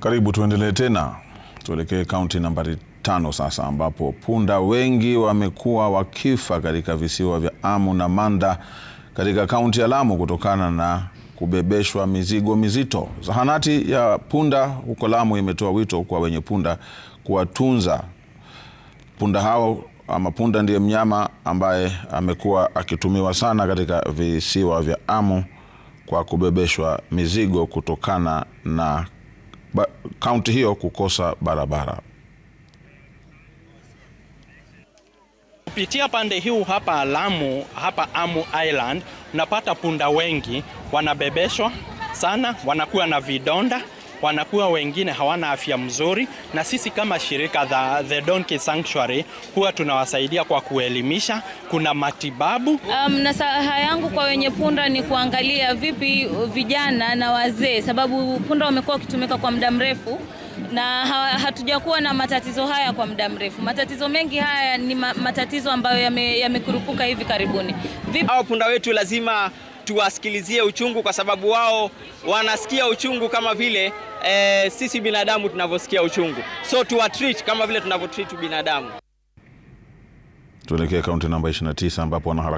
Karibu tuendelee tena, tuelekee kaunti nambari tano sasa, ambapo punda wengi wamekuwa wakifa katika visiwa vya Amu na Manda katika kaunti ya Lamu kutokana na kubebeshwa mizigo mizito. Zahanati ya punda huko Lamu imetoa wito kwa wenye punda kuwatunza punda hao. Ama punda ndiye mnyama ambaye amekuwa akitumiwa sana katika visiwa vya Amu kwa kubebeshwa mizigo kutokana na kaunti hiyo kukosa barabara. Kupitia pande hiu hapa Lamu, hapa Amu Island unapata punda wengi wanabebeshwa sana, wanakuwa na vidonda wanakuwa wengine hawana afya mzuri, na sisi kama shirika the, the Donkey Sanctuary huwa tunawasaidia kwa kuelimisha, kuna matibabu. Um, nasaha yangu kwa wenye punda ni kuangalia vipi vijana na wazee, sababu punda wamekuwa wakitumika kwa muda mrefu na hatujakuwa na matatizo haya kwa muda mrefu. Matatizo mengi haya ni matatizo ambayo yamekurupuka yame hivi karibuni. Hao punda wetu lazima tuwasikilizie uchungu, kwa sababu wao wanasikia uchungu kama vile e, sisi binadamu tunavyosikia uchungu, so treat kama vile tunavyotreat binadamu. Tuelekee kaunti namba 29 ambapo wanaharakati